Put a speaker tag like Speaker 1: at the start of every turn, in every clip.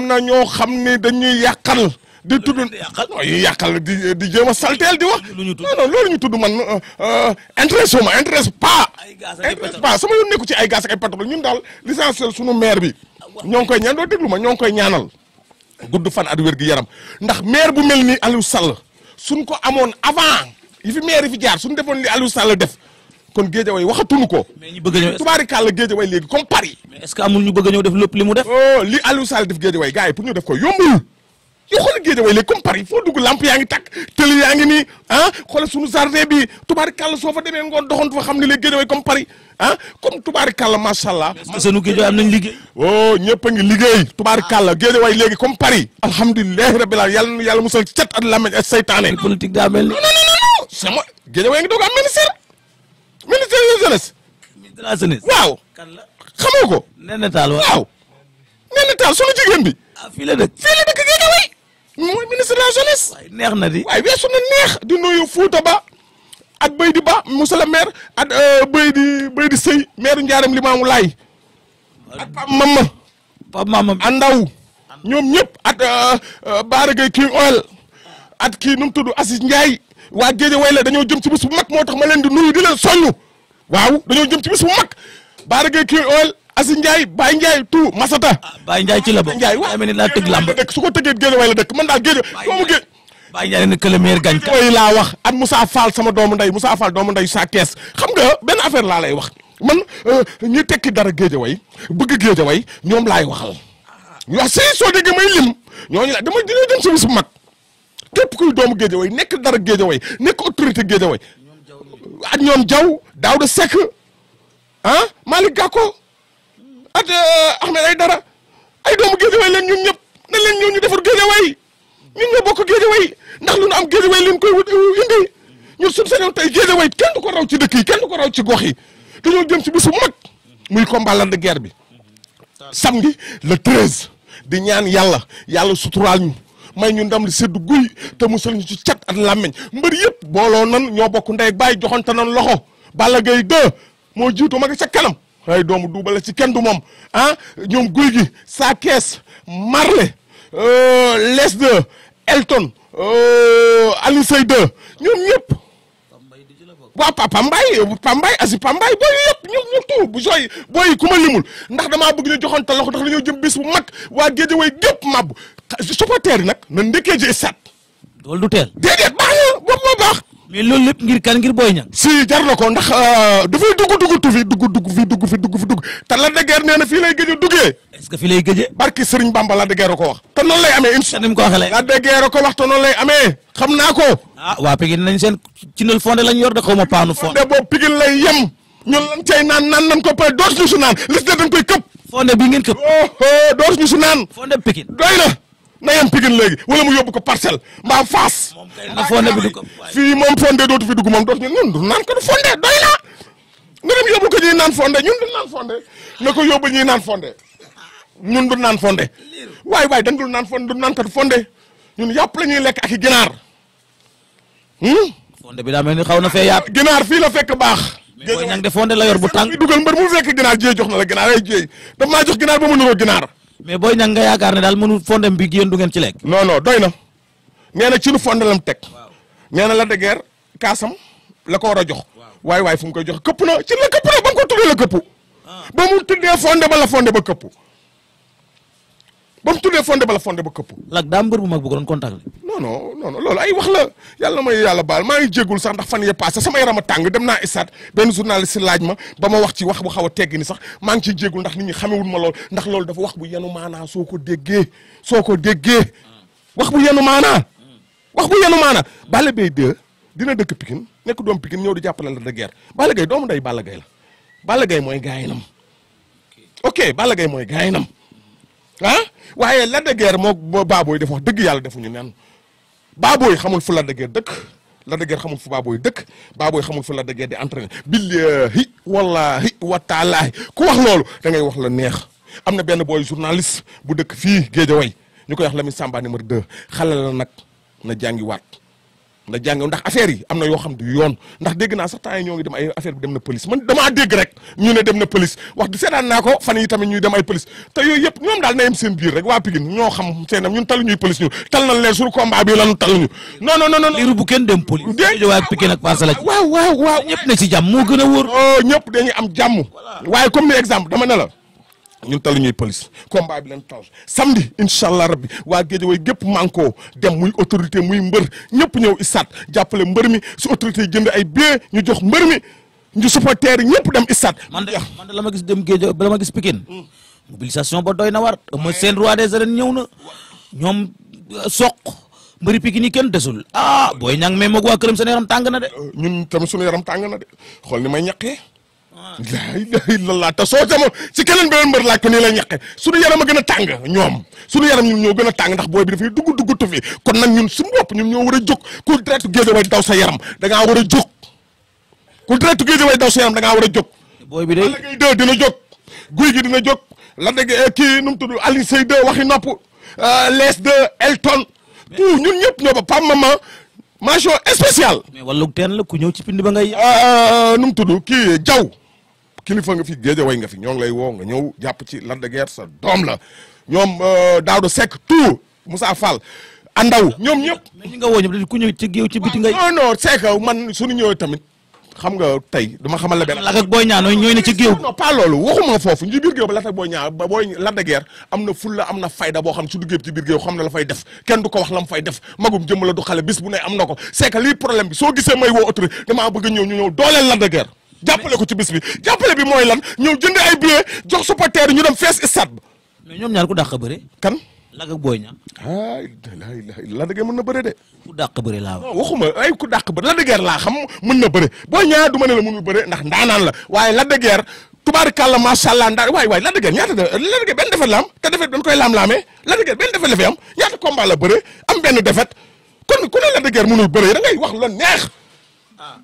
Speaker 1: am na ñoo xam ne dañuy yàqal di tudd yu yàqal di di jéem a salteel di wax non non loolu ñu tudd man euh, euh, intéresse ma intéresse pas intéresse pas sama yoon nekku ci ay gaz ak ay pétrole ñun daal l'essentiel sunu maire bi ñoo ngi koy ñaan doo déglu ma ñoo koy ñaanal gudd fan at wér yaram ndax maire bu mel ni Aliou Sall suñ ko amoon avant yi fi maire yi fi jaar suñ defoon li Aliou Sall def kon Géejawaay waxatuñu ko. mais ñi bëgg a ñëw tubaari kàlla Géejawaay léegi comme Paris. mais est ñu bëgg ñëw def lépp mu def. oh li Aliou def Géejawaay gars yi ñu def ko yombul. yoo xool Géejawaay léegi comme Paris foo dugg lamp yaa ngi takk tëli yaa ngi nii ah xoolal suñu demee ngoon doxantu fa xam ne léegi Géejawaay comme Paris ah comme tubaari kàlla macha allah. est ce que seen Géejawaay am nañ oh, a ngi liggéey. tubaari kàlla Géejawaay léegi comme Paris. alhamdulilah rabbil ngi doog am ministère ministère de la ministre la jeunesse waaw. kan waaw. Néné sunu jigéen bi. ah fii la dëkk fii la ministre la jeunesse. waay neex na di. waay weesu na neex. di nuyu Fouta Ba ak Béy Ba monsieur le maire ak euh, Sey maire Ndiarème Limamou Laye. ak Pape Mama. Pape Mama Andaw. ñoom ñëpp ak Baara Gueye kii Oil. ak kii nu tudd Assis Ndiaye. waa géej way la dañoo jëm ci bis bu mag moo tax ma leen di nuyu di leen soññu waaw dañoo jëm ci bis bu mag Baara Gueye kii ool Asi Ndiaye Baye Ndiaye tout Masata. Ah, Baye Ndiaye ci la bokk laa tëgg dëkk su ko tëggee géej way la dëkk man daal géej moomu géej Baye Ndiaye ne way laa wax ak Moussa Fall sama doomu nday Moussa Fall doomu nday saa kees xam nga benn affaire laa lay wax man euh, ñi tekki dara géej way bëgg géej way ñoom laay waxal ah. waaw si soo déggee may lim ñu la dama dina dem ci bis mag képp kuy doomu Géejawaay nekk dara Géejawaay nekk autorité Géejawaay ak ñoom Diaw Daouda Seck ah Malick Gakou ak euh, Ahmed Aïdara ay doomu Géejawaay lañ ñun ñëpp nañ leen ñëw ñu defar Géejawaay ñun ñoo bokk Géejawaay ndax lu nu am Géejawaay li ñu koy wut indi ñun suñu sañoon tey Géejawaay kenn du ko raw ci dëkk yi kenn du ko raw ci gox yi dañoo jëm ci bisu mag muy combat Lac de Guiers bi samedi le 13 di ñaan yàlla yàlla suturaal may ñu ndam li séddu guy te musal ñu ci cat ak làmmeñ mbër yëpp booloo nan ñoo bokk ndey bàyyi joxante nan loxo bala Gaye 2 moo jiitu ma nga ca kanam waaye doomu duubale ci kenn du moom ah ñoom guy gi saa kees marle euh, les de Elton euh, Alioune Seye ñoom ñëpp waa Papa Mbaye Papa Mbaye asi Papa Mbaye booy yëpp ñoom bu sooy booy yi ku ma limul ndax damaa bëgg ñu joxoon ta loxo ndax dañoo jëm bis bu mag waa géej way gépp màbb supporter yi nag na ndëkkee ji sat loolu du teel déedéet baax boobu moo baax mais loolu lépp ngir kan ngir Boy Niang si jar na ko ndax euh, dafay dugg dugg tuuti dugg dugg fi dugg fi dugg fi dugg te Lac de Guiers nee na fii lay gëj a duggee. est-ce que fii lay gëjee. barki Serigne Bamba Lac de Guiers ko wax. te noonu lay amee. incha allah ko waxee Lac de Guiers ko wax te noonu lay amee. xam naa ko. ah waa Pikine nañ seen cinal fondé lañ yor de xaw ma paanu fondé. fondé boobu Pikine lay yem. ñun lan cay naan naan nañ ko pare dootuñu su naan li si dañ koy këpp. fondé bi ngeen këpp. oh oh dootuñu su naan. fondé Pikine doy na na yem Pikine léegi wala mu yóbbu ko parcelle mbaa Fass. fonde bi dugg fii moom fonde dootu fi dugg moom dootu ñun du naan ko du fonde doy la dem yóbbu ko ñuy naan fonde ñun du naan fonde na ko yóbbu ñuy naan fonde ñun du naan fonde waay waay dañ dul naan fonde du naan kat fonde ñun yàpp la ñuy lekk ak i ginaar. Hmm? fonde bi daa mel ni xaw na fee yàpp. ginaar fii la fekk baax. géej gi de fonde la yor bu tàng. dugal mbër mu fekk ginaar jéey jox na la ginaar ay jéey daf maa jox ginaar ba mu mais booy ñang nga yaakaar ne daal mënu fondem bi yéen du ngeen ci lekk. non non doy na nee na ci nu fondelam teg. waaw nee la de guerre kaasam la ko war a jox. waay waay fu mu koy jox këpp na ci la këpp na ba ko tuddee la këpp. Ah. ba mu tuddee fonde ba la fonde ba këpp. ba mu tuddee fondé bala fondé ba këpp. lak daa mbër bu mag bu ko contact non loolu ay wax la yàlla may yàlla baal maa ngi jégul sax ndax fan yee passé sama yaram a tàng dem naa Esat benn journaliste laaj ma ba ma wax ci wax bu xaw a teggi ni sax maa ngi ciy jégul ndax nit ñi xamewul ma lool ndax loolu dafa wax bu yenu maanaa soo ko déggee soo ko déggee wax bu yenu maanaa wax bu yenu maana Balla Gaye 2 dina dëkk Pikine nekk doom Pikine ñëw di jàppale la de guerre Balla Gaye doomu nday Balla Gaye la Balla Gaye mooy gaayinam ok Balla Gaye mooy gaayinam ah waaye Lac de moo Baboy def wax dëgg yàlla defuñu nen baabooy xamul fu Lac de dëkk Lac de xamul fu Baboy dëkk baabooy xamul fu Lac de Guiers di entraîné billahi wallahi wataalaahi ku wax loolu da ngay wax la neex am na benn booy journaliste bu dëkk fii woy ñu koy wax Lamine Samba numéro 2 xale la nag na jàngiwaat. na jàng ndax affaire yi am na yoo xam du yoon ndax dégg naa sax temps yi ñoo ngi dem ay affaire bi dem na police man damaa dégg rek ñu dem na police wax du seetaan naa ko fan yi tamit dem ay police te yooyu yëpp ñoom daal na yem seen rek waa Pikine ñoo xam seenam ñun talu ñuy police ñu tal nañ leen sur combat bi ñu non non non liiru bu kenn dem police jàmm moo gën a wóor oh, ñëpp dañuy am jàmm waaye comme ni exemple dama ne la ñun talu ñuy police combat bi leen tal samedi incha allah rabbi waa Géejawaay gépp manko dem muy autorité muy mbër ñëpp ñëw isat jàppale mbër mi su autorité yi jënd ay billets ñu jox mbër mi ñu supporter yi ñëpp dem isat man de man lama gis dem Géejawaay la ma gis Pikine mobilisation ba doy na war ma seen roi des ñëw na ñoom euh, soq mbëri Pikine yi kenn desul ah booy ñang me moog waa këram seen yaram tàng na de euh, ñun tamit sunu yaram tàng na de xool ni may laa ilaaha illallaah te soo demoon si keneen beneen mbër laaj ko nii lay ñaqe suñu yaram a gën a tàng ñoom suñu yaram ñun ñoo gën a tàng ndax booy bi daf ñu dugg dugg tufi kon nag ñun suñu bopp ñun ñoo war a jóg ku deretu géej way daw sa yaram da war a jóg ku deretu géej way daw sa yaram da ngaa war a jóg booy bi de Balla Gaye 2 dina jóg guy gi dina jóg la dégg kii nu mu tudd Alioune Seye 2 waxi nopp euh, les 2 Elton tout ñun ñëpp ñoo ba pam ma mention spéciale mais wàllu teen la ku ñëw ci pind ba ngay euh, euh, nu mu tudd kii jaw kilifa nga fi géej way nga fi ñoo lay woo nga ñëw jàpp ci Lac de Guiers sa doom la ñoom euh, Daouda Seck tout Moussa Fall andaw ñoom ñëpp. mais nga woo ñëpp ku ñëw ci géew ci biti ngay. Ah, non non Seck man tamit xam nga tey dama a la benn. Lac ak Boy Niang ñooy ne ci géew. non pas loolu waxuma foofu ñu géew ba Lac ak Boy ba booy Lac de Guiers am na fulla am na fayda boo xam su duggee ci biir géew xam na la fay def kenn du ko wax la mu fay def magum jëmm la du xale bis bu ne am na ko Seck lii problème bi soo gisee may woo autorité bëgg ñëw ñu ñëw dooleel Lac de jàppale ko ci bis bi jàppale bi mooy lan ñëw jënd ay billets jox supporter ñu dem fees stade ba. mais ñoom ñaar ku dàq bëre. kan Lac ak Boy Niang. ah Lac mën na bëre de. ku dàq bëre laa wax. waxuma ay ku dàq bëre Lac de Guiers laa xam mën na bëre Boy ñaa du ma ne la mënul bëre ndax ndaanaan la waaye Lac de Guiers tubaarkàlla macha allah ndaa waay waay Lac de Guiers ñaata de Lac de Guiers benn defet la am te defet dañ koy laam-laamee Lac de Guiers benn defet la fi ñaata combat benn defet kon ku ne Lac de Guiers mënul bëre da ngay wax lu neex ah.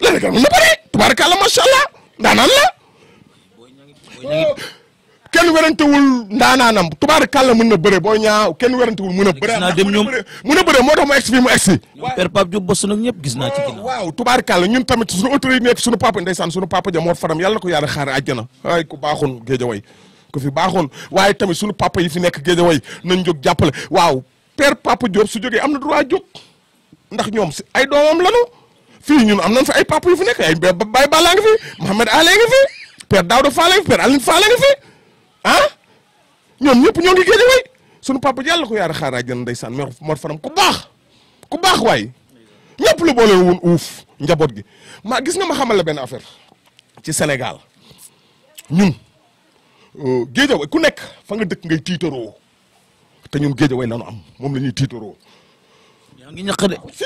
Speaker 1: léegi nag mën na bëri tubaarkàlla macha allah ndaanaan la kenn werantewul ndaanaanam tubaarkàlla mën na bëre boo ñaaw kenn werantewul mën a bëre mën a bëre moo tax mu egsi fii mu egsi père Pape Diop bos nag ñëpp gis naa ci ginnaaw waaw ñun tamit suñu nekk suñu papa ndeysaan suñu papa ja moo faram yàlla na ko yàlla xaar àjjana ay ku baaxoon géeja way fi baaxoon waaye tamit suñu papa yi fi nekk géeja way nañ jóg jàppale waaw père Pape Diop su jógee am na droit jóg ndax ñoom si ay doomam lanu fii ñun am nañ fa ay papa yu nekk ay Baye Balla nga fi Mouhamed Alé nga fi Père Daouda Fall nga fi Père Aline Fall fi ah ñoom ñëpp ñoo ngi géej way sunu papa yàlla ko yaara xaaraa jën ndeysaan mor mor faram ku baax ku baax waay ñëpp la boole woon uuf njaboot gi maa gis nga ma xamal la benn affaire ci Sénégal ñun euh, géejawaay ku nekk fa nga dëkk ngay tiitaroo te ñun géejawaay la nanu am moom la ñuy tiitaroo yaa ngi ñaq de. si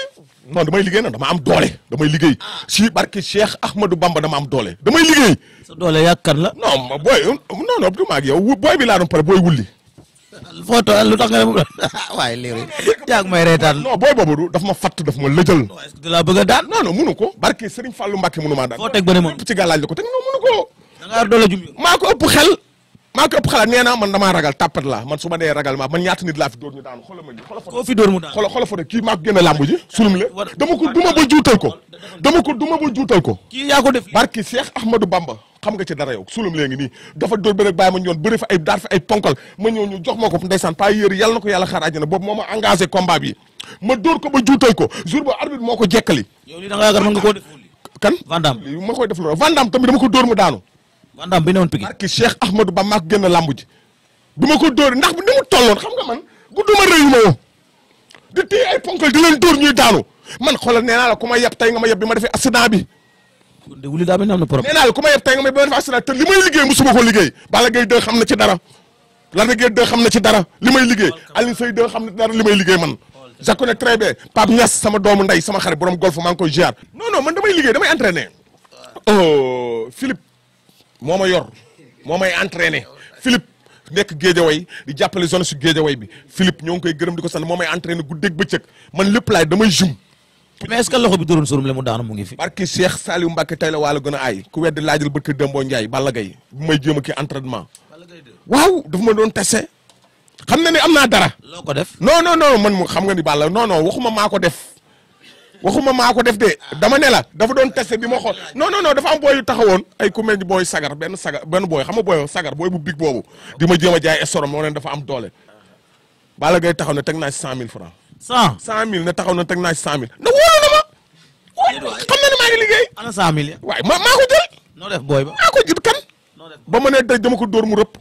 Speaker 1: non damay liggéey nag dama am doole damay liggéey ah. si barki Cheikh Ahmadou Bamba dama am doole damay liggéey. sa doole yàkkan la. non booy non non du ma ak yow booy bi laa doon pare booy wulli. foo toll lu tax nga ne waaye léegi yaa ngi may ma fatt daf ma lëjal. est-ce que la a daan. non non munu ko barki Serigne Fallou Mbacke munu maa daan. foo teg ba ne moom ci gàllaaj la ko teg non munu maa ko ëpp maa ko ëpp xalaat nee man damaa ragal tàppat laa man su ma ragal maa man ñaata nit laa fi dóor ñu daanu xoola kii maa ko génne làmb le dama ko duma ba juutal ko dama ko duma ba juutal xam nga ci dara yow sulum léegi nii dafa dóor ba rek bàyyi ma ñoon jox ma ko ndeysaan pas yéri yàlla na ko yàlla xaar àjjana boobu moo ma engagé combat bi ma dóor ko ba juutal ko jour ba arbitre moo ko jekkali yow li da nga yaakaar man nga koo def kan Vandam ma koy def loolu Vandam tamit dama Van Dame bi newoon Pikine barki Cheikh Ahmadou Ba maa ko génn làmb ji ma ko dóor ndax ni mu tolloon xam nga man ku duma rëyu ma woo di téye ay ponkal di leen dóor ñuy daanu man xoolal nee naa la ku ma yeb tey nga ma yeb bi ma defee accident bi wuli daa naa la ku ma yeb ma bi ma defee accident te li may liggéey musuma ko liggéey Balla Gaye 2 xam na xam na ci dara li may liggéey Alioune Seye 2 xam na ci li may liggéey man je connais très bien Pape Niass sama doomu nday sama xarit borom golf maa ngi koy ziar non non man damay liggéey damay moo ma yor moo may entraîné Philippe nekk géejaway di jàppale zone su géejaway bi Philippe ñoo ngi koy gërëm di ko sant moo may entraîné guddeeg bëccëg man lépp laay damay jum. mais est-ce que loxo bi doon surum le mu daanu mu ngi fi. barki Cheikh Saliou Mbacke tey la waalo gën a aay ku wedd laajal bëkk Dembo Ndiaye Balla gay bu may jéem a kii entraînement waaw dafa ma doon tese xam na ni am naa dara. loo ko def non non non man xam nga ni Balla non non waxuma maa ko def. waxuma maa ko def de dama ne la dafa doon testé bi ma xool non non non dafa am booy yu taxawoon ay ku mel booy sagar benn sagar benn booy xam nga sagar booy bu big boobu di ma jéem jaay estorom moo leen dafa am doole. Balla Gaye taxaw na teg naa ci cent mille cent cent mille ne taxaw na teg na wóolu na ma. xam waaye ma noo def booy ba ko jël kan. ba ma ne daj ko dóor mu rëpp.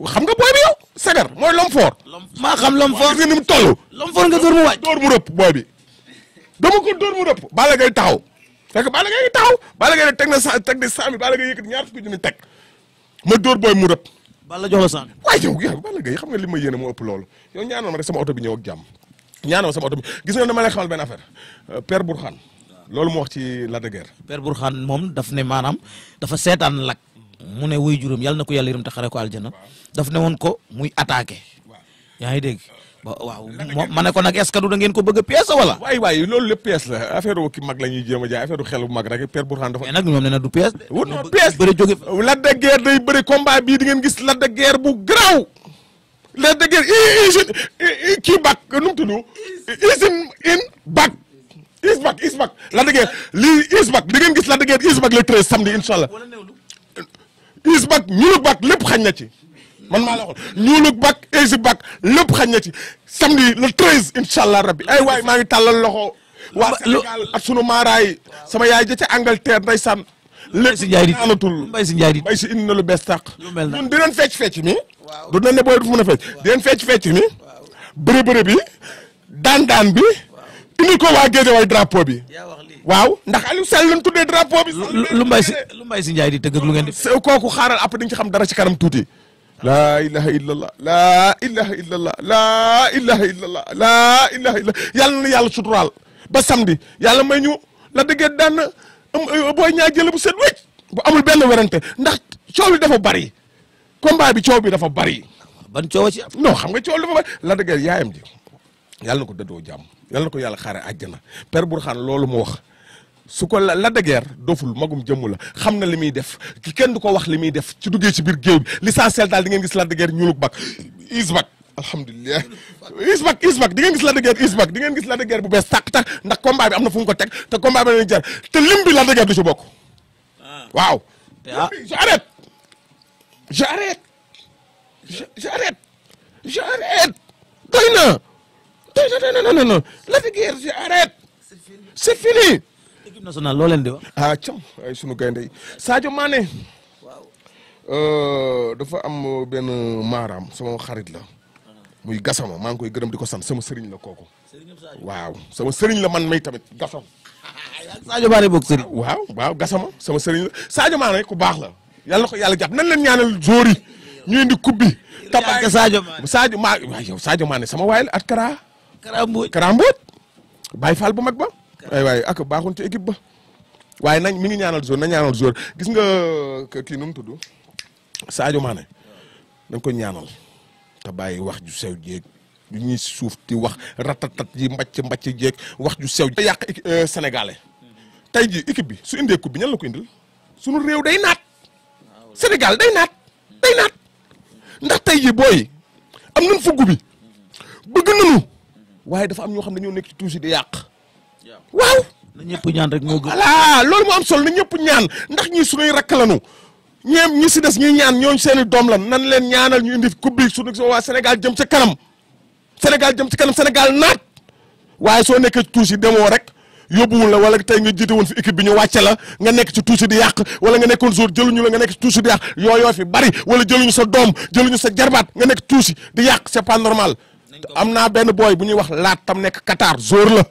Speaker 1: nga booy bi yow sagar mooy lom foor. maa xam lom foor gis nga ni mu toll. lom foor nga dóor mu wàcc. dóor mu rëpp booy bi dama ko dóor mu dëpp Balla Gaye taxaw fekk Balla Gaye ngi taxaw Balla Gaye teg na sa teg na cent mille Balla Gaye yëkkati ñaar fukki junni teg ma dóor booy mu dëpp Balla jox la cent mille waaye yow yaa Balla xam nga li ma yéene moo ëpp loolu yow ñaanal ma rek oto bi ñëw jàmm ñaanal ma sama oto bi gis nga dama lay xamal benn affaire euh, Père Bourkhane loolu mu wax ci Lac de Guiers Père Bourkhane moom daf ne maanaam dafa seetaan lak mu ne wuy juróom yàlla na ko yàlla yërëm te xare ko aljana daf ne woon ko muy attaqué yaa ngi dégg waaw ma ne ko nag est-ce que du da ngeen ko bëgg a pièce wala waay waay loolu lépp pièce la affaire wu ki mag la ñuy jéem a jaay affaire u xelu mag rek père Bourhan dafa nag ñoom ne na du pièce wut na pièce bëri jóge Lac de Guiers day bëri combat bii di ngeen gis Lac de Guiers bu garaaw Lac de Guiers i kii bak nu mu tudd isin in bak is bak is bak Lac de Guiers lii is bak di ngeen gis Lac de Guiers is bak le 13 samedi incha allah is bak ñu bak lépp xañ na ci man maa la waxoon ñuulu bak si bak lépp xañ na ci samedi le 13 incha allah rabbi ay waay maa ngi tàllal loxo. waa lu ak sunu maaraay sama yaay ja ca Angleterre ndeysaan. lépp si njaay di amatul mbay si njaay di mbay si indi na lu bees tàq. lu mel na ñun dinañ fecc fecc mi. waaw ne booy du mën a fecc. waaw dinañ fecc bi daan daan bi. indi ko waa géej way drapeau bi. waaw ndax Aliou Sall lañ tuddee drapeau bi. lu mbay si lu mbay si njaay di tëgg ak lu ngeen kooku xaaral après di ci xam dara ci kanam tuuti laa ilaha illallah laa ilaha illallah laa ilaha illallah laa ilaha illallah yàlla na yàlla suturaal ba samedi yàlla may ñu la dëggee daan am booy ñaa jële bu set wécc bu amul benn werante ndax coow li dafa bari combat bi coow bi dafa bari. ban coow ci non xam nga coow li dafa la dëggee yaayam ji yàlla na ko dëddoo jàmm yàlla na ko yàlla xaare àjjana per Burxaan loolu mu wax. su la de guerre doful magum jëmm la xam na li muy def ki kenn du ko wax li muy def ci duggee ci biir géew bi l'essentiel daal di gis la de guerre ñuulug bak isbak alhamdulilah isbak isbak di gis la de guerre isbak di gis la de guerre bu bees tàq tàq ndax combat bi am na fu mu ko teg te combat bi dañuy jar te lim bi la de du ci bokk. Ah. waaw. Ah. j'arrête j'arrête j'arrête j'arrête doy na doy na doy na la de guerre j'arrête national loo leen di wax. ah cam ay sunu gaynde yi Sadio Mané. waaw. Euh, benn maaraam sama xarit la. muy maa ngi koy gërëm di ko sant sama sëriñ la kooku. waaw sama sëriñ la man may tamit gasam. Sadio Mané bokk sëriñ. waaw waaw gasama sama sëriñ la Sadio Mané ku baax la. yàlla ko yàlla jàpp nan leen ñaanal joor yi ñu indi coupe bi. tabax Sadio sama waay la at Kara. Kara Mbodj Kara Mbodj bu mag ba. waaye waay ak baaxoon ci waaye nañ mi ngi ñaanal jour na ñaanal jour gis nga kii nu mu tudd Sadio Mané dañ ko ñaanal te bàyyi wax ju sew jéeg lu suuf di wax ratatat ji mbàcc mbàcc jéeg wax ju sew da yàq euh, sénégalais tey ji équipe bi su indee coupe bi ñan la ko indil suñu réew day naat Sénégal day naat day naat ndax tey ji booy am nañ fugg bi bëgg nañu waaye dafa am ñoo xam ne ñoo nekk ci tuuti di yàq waaw. na ñaan rek moo gën. voilà loolu moo am solo na ñëpp ñaan ndax ñii suñuy rakk lañu ñeem ñi si des ñuy ñaan ñoo seen i doom lan nan leen ñaanal ñu indi coupe bi suñu waa Sénégal jëm ca kanam Sénégal jëm ci kanam senegal naat waaye soo nekkee ci tuus yi demoo rek yóbbuwul la wala tey nga jiite woon fi équipe bi ñu wàcce la nga nekk ci tuusi di yàq wala nga nekkoon jour jëluñu ñu nga nekk ci tuusi di yooyoo fi bari wala jëluñu sa doom ñu sa jarbaat nga nekk tuusi di yàq c'est pas normal am naa benn booy bu ñuy wax laat tam nekk Qatar jour la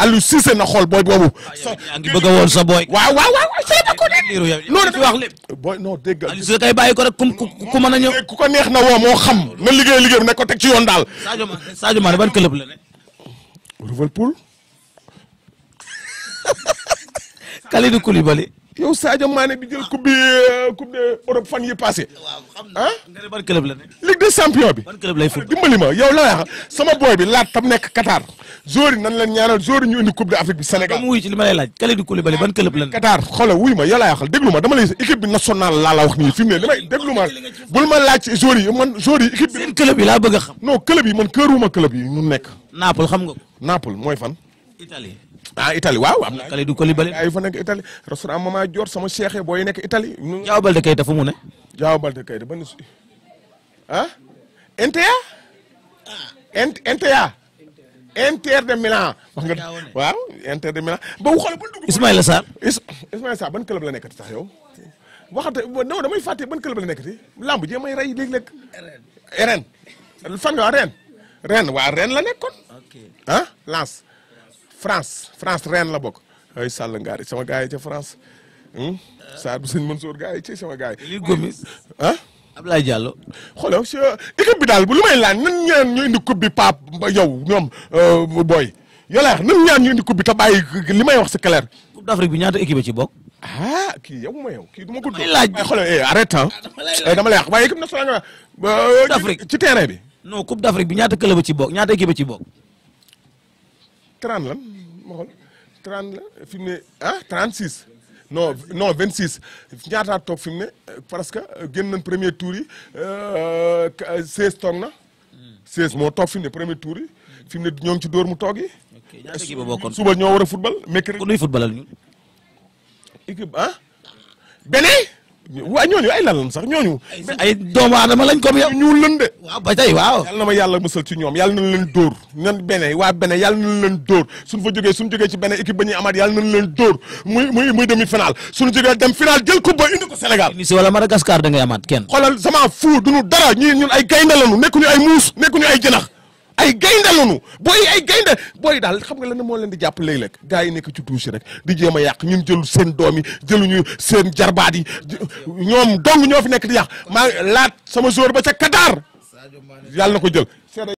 Speaker 1: Aliou Cissé na xool booy boobu. Ah, yaa ngi bëgg a woon sa booy. waaw waaw waaw soo ko wax booy non dégg Aliou Cissé kay bàyyi ko rek ku ku mën a ñëw. ku ko neex na woo moo xam na liggéey liggéey bi ne ko teg ci yoon daal. Sadio Mané Sadio Mané ban club la ne. Liverpool. Kalidou Koulibaly. yow Sadio Mané bi jël coupe bi euh, coupe de Europe fan yi passé ah ligue des champions bi dimbali ma yow la wax sama booy bi laat tam nekk Qatar joueur yi nan leen ñaanal joueur ñu indi coupe d'Afrique bi Sénégal wuy ci li ma bi nationale laa la wax nii fi ne damay déglu ma bul ma laaj ci man joueur yi bi seen yi laa bëgg a xam non club yi man këruma club yi ñu nekk Naples xam nga mooy fan Italie ah Italie waaw am na. Kalidou Koulibaly ay fa nekk Italie restaurant Mama Dior sama seexe booy nekk Italie. Diao Baldé Keita fu mu ne. Diao Baldé Keita ba nu si ah. NTA. Ah. NTA. Inter de Milan. wax nga waaw Inter de Milan ba xool bul dugg. Ismaïla Sarr Ismaïla Sarr ban club la nekkati sax yow. waxate non damay fàtte ban club la nekkati lamb jee may rey léeg-léeg. ren fan nga wax ren. ren waa ren la nekkoon. ah Lens. France France ren la bokk ay sàll ngaari sama gars yi ca France hmm? saa bu sëñ Mansour gars yi ci sama gars yi. lii Gomis ah. Abdoulaye Diallo. xoolal si équipe bi daal bu lu may laan nan ñaan ñu indi coupe bi Pape yow ñoom euh, booy yow laa wax nan ñaan ñu indi coupe bi te bàyyi li may wax si clair. Coupe d'Afrique bi ñaata équipe ci bokk. ah kii yow ma yow kii du ma gudd. Eh, eh, ah, damay laaj xoolal arrête ah. dama lay wax waaye équipe nationale euh, d'Afrique ci terrain bi. non Coupe d'Afrique bi ñaata club ci bokk ñaata équipe ci bokk. 30 lan ma xool 30 la fi mu ne ah 36 non non 26 ñaata toog fi ne parce que euh, génn nañ premier tour yi 16 euh, euh, toog na. 16 moo toog fi mu ne premier tour yi. fi ne ñoo ci dóor mu toog yi. suba ñoo war a football. mercredi ku nuy footballal ñu. équipe ah waa ñooñu ay lan lan sax ñooñu. ay doomu aadama lañ comme yow. ñu lan de. waaw ba tey waaw. yàlla na ma yàlla musal ci ñoom yàlla nañ leen dóor nan bene waa bene yàlla nañ leen dóor suñ fa jógee suñ jógee ci benn équipe ba ñuy amaat yàlla nañ leen muy muy muy demi final suñu jógee dem final jël coupe ba indi ko Sénégal. Tunisie wala Madagascar da ngay amaat kenn. xoolal sama fu duñu dara ñii ñun ay gaynde lañu nekkuñu ay muus nekkuñu ay jënax ay gaynde lañu booy ay gaynde booy daal xam nga lan moo leen di jàpp léeg-léeg gars yi nekk ci douche rek di jéem a yàq ñun jëlu seen doom yi jëluñu seen jarbaat yi ñoom dong ñoo fi nekk di yàq ma laat sama jour ba ca Qatar yàlla na ko jël